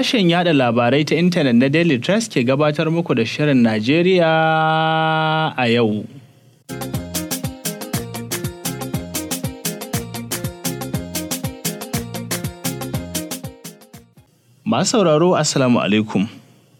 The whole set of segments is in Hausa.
Sashen yada labarai ta intanet na Daily Trust ke gabatar muku da Shirin Najeriya a yau. Masu sauraro Assalamu alaikum.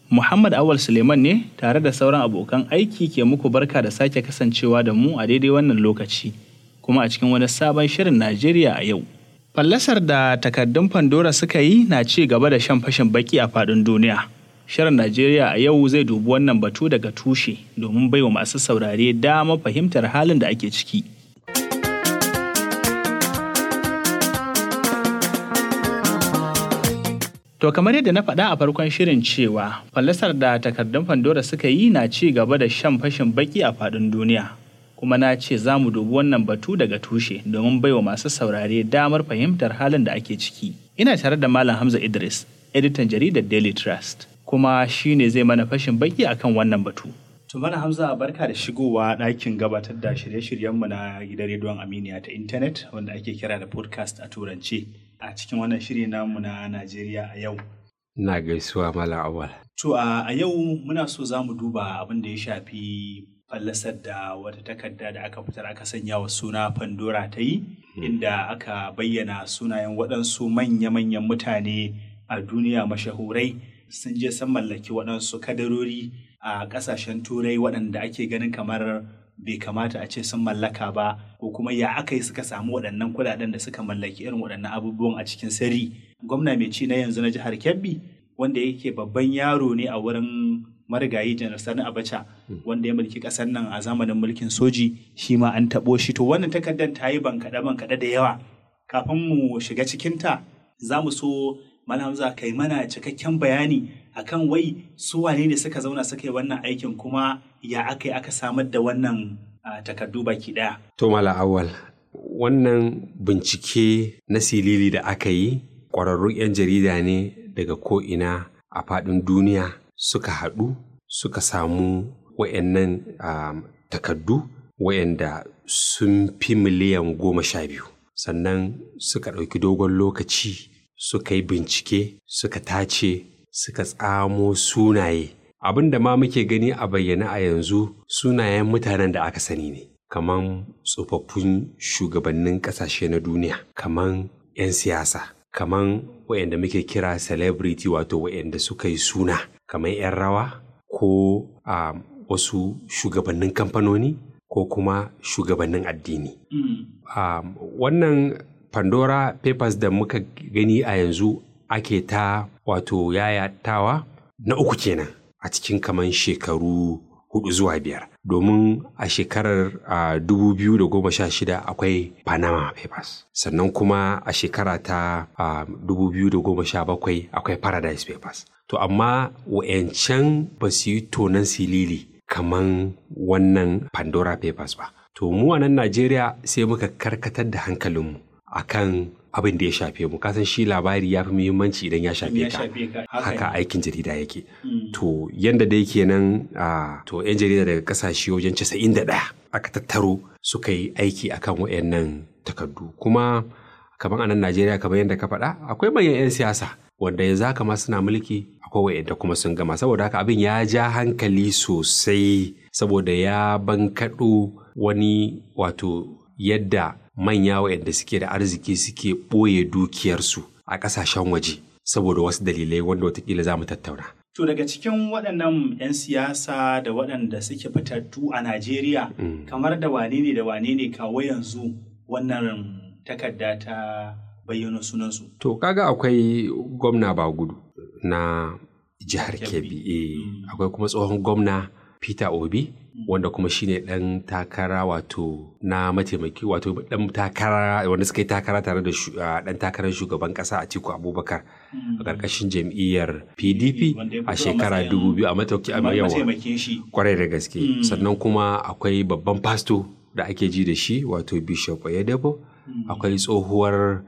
Muhammad Awal Suleiman ne tare da sauran abokan aiki ke muku barka da sake kasancewa da mu a daidai wannan lokaci, kuma a cikin wani sabon Shirin Najeriya a yau. Fallasar da takardun Pandora suka yi na ci gaba da shan fashin baki a faɗin duniya. Shirin Najeriya a yau zai dubi wannan batu daga tushe domin baiwa masu saurare dama fahimtar halin da ake ciki. To kamar yadda na faɗa a farkon shirin cewa fallasar da takardun Pandora suka yi na ci gaba da shan fashin baki a faɗin duniya kuma na ce za mu dubi wannan batu daga tushe domin baiwa masu saurare damar fahimtar halin da ake ciki. Ina tare da Malam Hamza Idris, editan jaridar Daily Trust, kuma shi ne zai mana fashin baki akan wannan batu. Tumana Hamza barka da shigowa ɗakin gabatar da shirye-shiryenmu na gidan rediyon Aminiya ta intanet wanda ake kira da podcast a turance a cikin wannan shiri namu na Najeriya a yau. Na gaisuwa Malam Awal. To a yau muna so za mu duba abin da ya shafi fallasar da wata takarda da aka fitar aka sanya wa suna Pandora ta yi, hmm. inda aka bayyana sunayen waɗansu manya-manyan mutane a duniya mashahurai sun je sun mallaki waɗansu kadarori a ƙasashen turai waɗanda ake ganin kamar bai kamata a ce sun mallaka ba ko kuma ya aka yi suka samu waɗannan kuɗaɗen da suka mallaki irin waɗannan abubuwan a cikin sirri gwamna mai ci na yanzu na jihar kebbi wanda yake babban yaro ne a wurin marigayi janar sani abacha hmm. wanda ya mulki kasar nan a zamanin mulkin soji shi ma an taɓo shi to wannan takardar ta yi ban kaɗe ban kaɗe da yawa kafin mu shiga cikinta za mu so malam kai mana cikakken bayani akan wai su wane ne suka zauna suka yi wannan aikin kuma ya aka yi aka samar da wannan takardu baki ɗaya. to mala awal wannan bincike na silili da aka yi ƙwararrun 'yan jarida ne daga ko'ina a faɗin duniya suka haɗu suka samu wa'annan um, takardu, wa'anda sun fi miliyan goma sha biyu sannan suka ɗauki dogon lokaci suka yi bincike suka tace suka tsamo sunaye abin da ma muke gani a bayyana a yanzu sunayen mutanen da aka sani ne kaman tsofaffin shugabannin ƙasashe na duniya kaman 'yan siyasa kaman wa'yanda muke kira celebrity wato wa'yanda suka yi suna kamar 'yan rawa ko a um, wasu shugabannin kamfanoni ko kuma shugabannin addini. Hmm. Um, wannan Pandora Papers da muka gani a yanzu ake ta wato yayatawa na uku kenan a cikin kaman shekaru hudu zuwa biyar. domin a shekarar sha 2016 akwai Panama Papers sannan kuma a shekara ta sha 2017 akwai Paradise Papers. To amma wa'yancan ba su yi tonan silili kaman wannan Pandora Papers ba. To mu a nan Najeriya sai muka karkatar da hankalinmu akan abin da ya shafe mu kasan shi labari ya fi muhimmanci idan ya shafe ka haka aikin jarida yake hmm. to yanda da yake nan to yan jarida daga kasashe wajen casa'in ɗaya, aka tattaro suka yi aiki akan wayannan takardu kuma kamar anan Najeriya kamar yadda ka faɗa akwai manyan 'yan siyasa wanda yanzu haka ma suna mulki akwai wa'yanda kuma sun gama saboda haka abin ya ja hankali sosai saboda ya bankaɗo wani wato yadda manya waɗanda suke da arziki suke ɓoye dukiyarsu a ƙasashen waje saboda wasu dalilai wanda watakila za mu tattauna. To daga cikin waɗannan 'yan siyasa da waɗanda suke fitattu a Najeriya mm. kamar da wane ne da wane ne kawo yanzu wannan takarda ta bayyana sunansu. To kaga akwai gwamna Bagudu na jihar Kebbi eh, mm. akwai kuma tsohon gwamna Peter Obi wanda kuma shine dan takara wato na mataimaki wato dan takara wanda suka yi takara tare da dan takarar shugaban kasa mm. a tiku Abubakar a karkashin jam'iyyar PDP a shekara 2000 a mataki a yawa kwarai da gaske mm. sannan kuma akwai babban pastor da ake ji da shi wato Bishop Oyedebo mm. akwai tsohuwar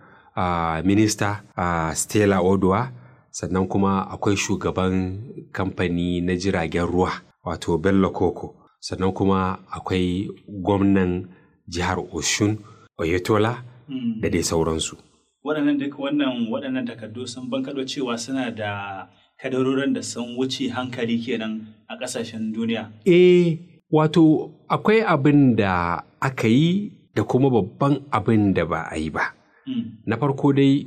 minista Stella Odua sannan kuma akwai shugaban kamfani na jiragen ruwa wato bello koko sannan kuma akwai gwamnan jihar oshun oyetola hmm. da dai sauransu waɗannan duk wannan waɗannan takardu sun bankaɗo cewa suna da kadarorin da sun wuce hankali kenan a ƙasashen duniya eh wato akwai abin da aka yi da kuma babban abin da ba a yi ba hmm. na farko dai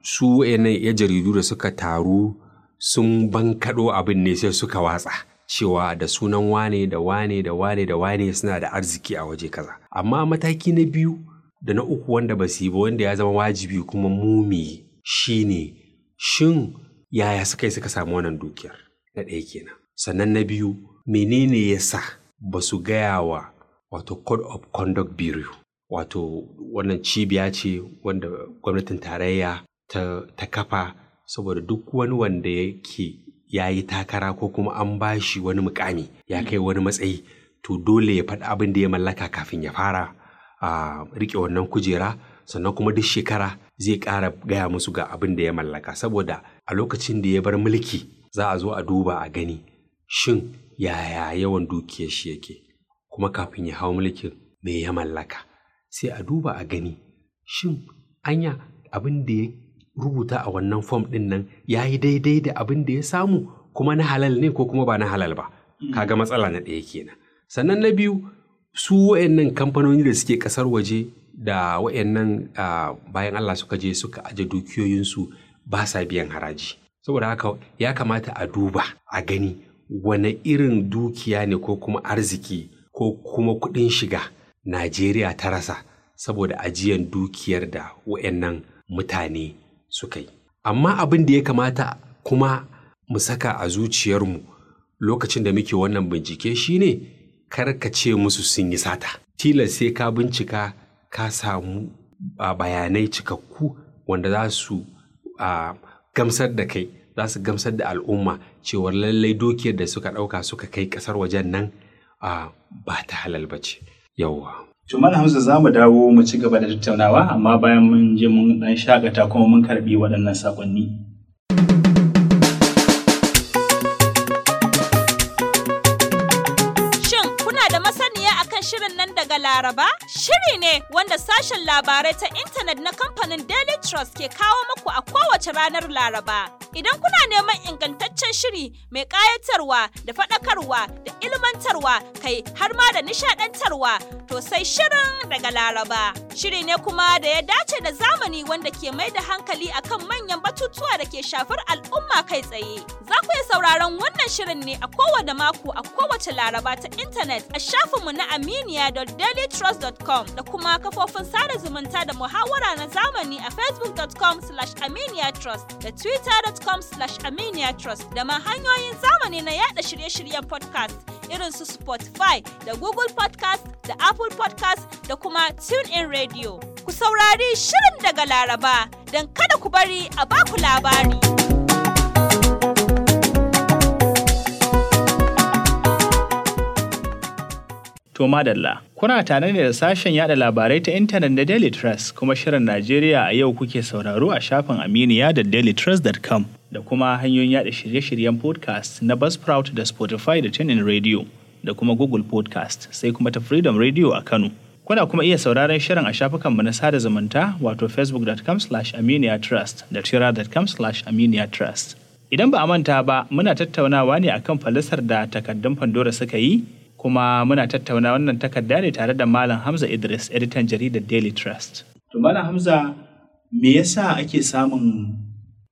su ya jaridu da suka taru sun bankaɗo abin ne sai suka watsa cewa da sunan wane da wane da wane da wane suna da arziki a waje kaza amma mataki na biyu da na uku wanda ba su yi ba wanda ya zama wajibi kuma mumi shine shin yaya suka yi suka samu wannan dukiyar na ɗaya kenan sannan na biyu menene ya sa ba su gaya wa wato code of conduct bureau wato wannan cibiya ce wanda gwamnatin tarayya ta kafa saboda duk wani wanda yake ya yi takara ko kuma an ba shi wani mukami ya kai wani matsayi to dole ya faɗi abin da ya mallaka kafin ya fara a riƙe wannan kujera sannan kuma duk shekara zai ƙara gaya musu ga abin da ya mallaka saboda a lokacin da ya bar mulki za a zo a duba a gani shin yaya yawan dukiyar shi yake kuma kafin ya hau mulkin me ya mallaka sai a duba a gani shin anya abin da ya rubuta a wannan fom ɗin nan ya yi daidai da abin da ya samu kuma na halal ne ko kuma ba na halal ba kaga matsala na ɗaya kenan sannan na biyu su wayannan kamfanoni da suke ƙasar waje da wayannan bayan Allah suka je suka aje dukiyoyinsu ba sa biyan haraji saboda haka ya kamata a duba a gani wane irin dukiya ne ko kuma arziki ko kuma kuɗin shiga Najeriya ta rasa saboda ajiyan dukiyar da wayannan mutane suka yi amma abin da ya kamata kuma mu saka a zuciyarmu lokacin da muke wannan bincike shine kar ka ce musu sun yi sata tilas sai ka bincika ka samu ah, bayanai cikakku wanda za su ah, gamsar da kai za su gamsar da al'umma cewar lallai dokiyar da suka ɗauka suka kai ƙasar wajen nan ah, ba ta halal ba ce yawwa Tumar Hamza za mu dawo mu ci gaba da tattaunawa amma bayan mun je mun dan shakata kuma mun karbi waɗannan sakonni. Shin kuna da masaniya akan shirin nan daga Laraba? Shiri ne wanda sashen labarai ta intanet na kamfanin Daily Trust ke kawo muku a kowace ranar Laraba. Idan kuna neman ingantaccen shiri mai ƙayatarwa da faɗakarwa da ilmantarwa kai har ma da nishaɗantarwa to sai shirin daga Laraba. Shiri ne kuma da ya dace da zamani wanda ke mai da hankali akan manyan batutuwa da ke shafar al'umma kai tsaye. Za ku iya sauraron wannan shirin ne a kowane mako a kowace Laraba ta intanet a shafinmu na aminiya.dailytrust.com da kuma kafofin sada zumunta da muhawara na zamani a facebookcom aminiyatrust da twitter.com facebook.com slash trust da ma hanyoyin zamani na yada shirye-shiryen podcast irin su Spotify da Google podcast da Apple podcast da kuma TuneIn Radio. Ku saurari shirin daga Laraba don kada ku bari a baku labari. To madalla, kuna tare ne da sashen yada labarai ta intanet da Daily Trust kuma shirin Najeriya a yau kuke sauraro a shafin Aminiya da dailytrust.com da kuma hanyoyin yada shirye-shiryen podcast na Buzzsprout da Spotify da TuneIn Radio da kuma Google Podcast sai kuma ta Freedom Radio a Kano. Kuna kuma iya sauraron shirin a shafukanmu na sada zumunta wato facebookcom aminiyatrust da twittercom aminiyatrust Idan ba a manta ba, muna tattaunawa ne akan falasar da takaddun Pandora suka yi kuma muna tattauna wannan takarda ne tare da Malam Hamza Idris, editan jaridar Daily Trust. To Malam Hamza, me yasa ake samun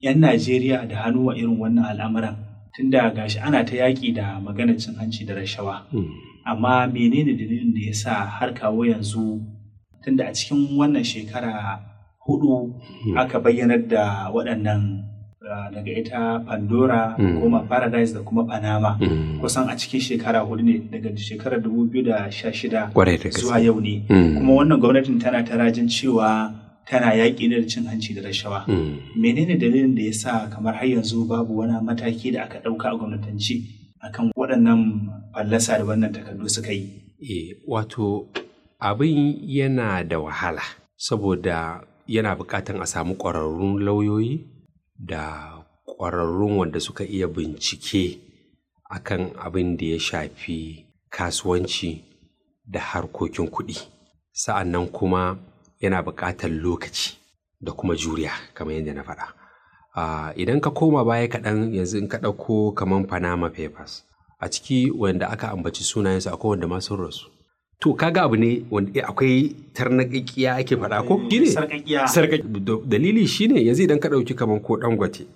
'yan Najeriya da hannu a irin wannan al'amuran? Tunda gashi ana ta yaƙi da maganar cin hanci da rashawa. Hmm. Amma menene dalilin da ya sa har kawo yanzu tunda a cikin wannan shekara hudu hmm. aka bayyanar da waɗannan Ah, daga ita pandora hmm. kuma paradise da kuma panama hmm. kusan a cikin shekara hudu ne daga shekarar 2016 zuwa yau ne hmm. kuma wannan gwamnatin tana ta rajin cewa tana yaƙi da cin hanci da rashawa menene dalilin da ya sa kamar har yanzu babu wani mataki da aka ɗauka a gwamnatanci akan waɗannan fallasa da wannan takardu suka yi eh, wato abin yana da wahala saboda yana buƙatan a samu ƙwararrun lauyoyi da ƙwararrun wanda suka iya bincike akan abin da ya shafi kasuwanci da harkokin kuɗi nan kuma yana buƙatar lokaci da kuma juriya kamar yadda na faɗa idan ka koma baya kaɗan yanzu in ka ɗauko kamar panama papers a ciki wanda aka ambaci sunayensu akwai wanda ma sun rasu to kaga abu ne wanda eh, akwai tarnaƙaƙiya ake faɗa ko gine eh, sarƙaƙiya dalili shine yanzu idan ka ɗauki kaman ko dangote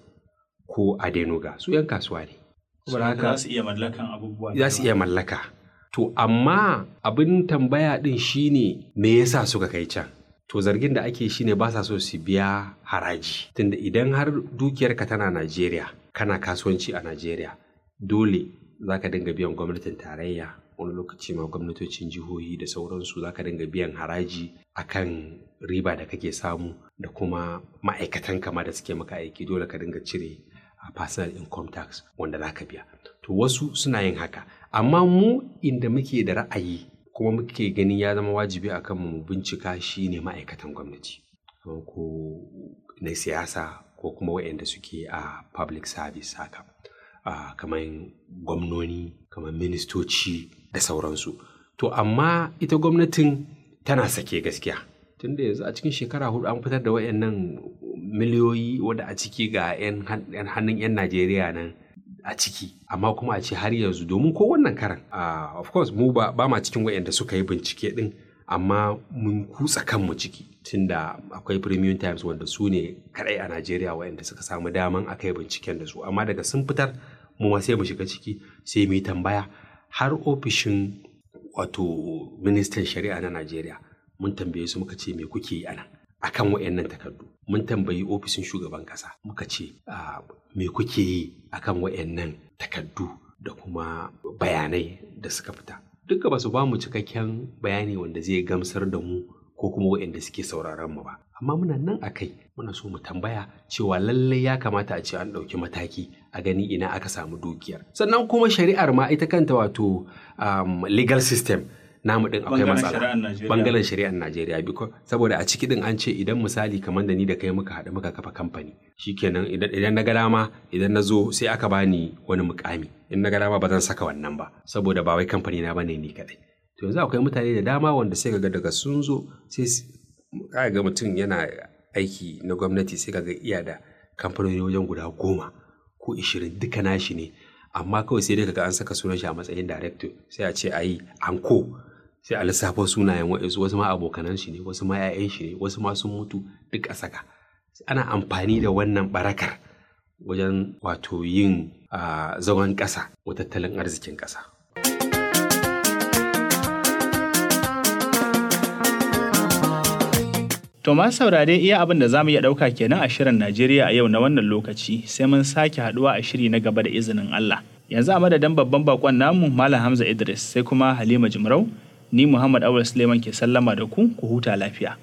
ko adenuga su yan kasuwa ne za su iya mallakan abubuwa za su iya mallaka to amma abin tambaya din shine me yasa suka kai can to zargin da ake shine ba sa so su biya haraji tunda idan har dukiyarka tana Najeriya kana kasuwanci a Najeriya dole za ka dinga biyan gwamnatin tarayya wani lokaci ma gwamnatocin jihohi da sauransu za ka dinga biyan haraji akan riba da kake samu da kuma ma'aikatan kama da suke maka aiki dole ka dinga cire a ah, personal income tax wanda za ka biya to wasu suna yin haka amma mu inda muke da ra'ayi kuma muke gani ya zama wajibi a kanmu mu bincika shi ne ma'aikatan gwamnati ko na siyasa ko kuma waɗanda suke a public service haka ah, kamar gwamnoni kamar ministoci da sauransu to amma ita gwamnatin tana sake gaskiya tun da yanzu a cikin shekara hudu an fitar da wayannan miliyoyi wadda a ciki ga 'yan hannun 'yan najeriya nan a ciki amma kuma a ce har yanzu domin ko wannan karan of course mu ba, ba ma cikin wayanda suka yi bincike din amma mun kutsa kanmu ciki tun da akwai premium times wanda su ne kadai a najeriya wayanda suka samu daman aka yi binciken da su amma daga sun fitar mu ma sai mu shiga ciki sai mu yi tambaya har ofishin wato ministan shari'a na Najeriya mun tambaye su muka ce me kuke yi anan akan wayannan takardu mun tambayi ofishin shugaban kasa muka ce me kuke yi akan wayannan takardu da kuma bayanai da suka fita duka ba su ba mu cikakken bayani wanda zai gamsar da mu ko kuma wayanda suke sauraron mu ba amma muna nan a kai muna so mu tambaya cewa lallai ya kamata a ce an ɗauki mataki a gani ina aka samu dukiyar sannan kuma shari'ar ma ita kanta wato um, legal system namu din akwai matsala bangaren shari'ar Najeriya saboda a ciki ɗin an ce idan misali kamar da ni da kai muka haɗu muka kafa kamfani shikenan idan na gada ma idan na zo sai aka bani wani mukami in na ga ma ba zan saka wannan ba saboda ba wai kamfani na bane ni kaɗai, to yanzu akwai mutane da dama wanda sai ga daga sun zo sai ka ga mutum yana aiki na gwamnati sai ga iya da kamfanoni wajen guda goma ko ishirin duka nashi ne amma kawai sai dai ka an saka sunan shi a matsayin director sai a ce ayi anko sai a lissafa sunayen wasu wasu ma abokanan shi ne wasu ma 'ya'yan shi ne wasu ma sun mutu duk a saka ana amfani da wannan barakar wajen wato yin ah, zagon ƙasa wa tattalin arzikin ƙasa To masu saurare iya abin da za mu iya ɗauka kenan a shirin Najeriya a yau na wannan lokaci sai mun sake haɗuwa a shiri na gaba da izinin Allah. Yanzu a madadin babban bakon namu Malam Hamza Idris sai kuma Halima Jimrau, ni Muhammad Awul Suleiman ke sallama da ku ku huta lafiya.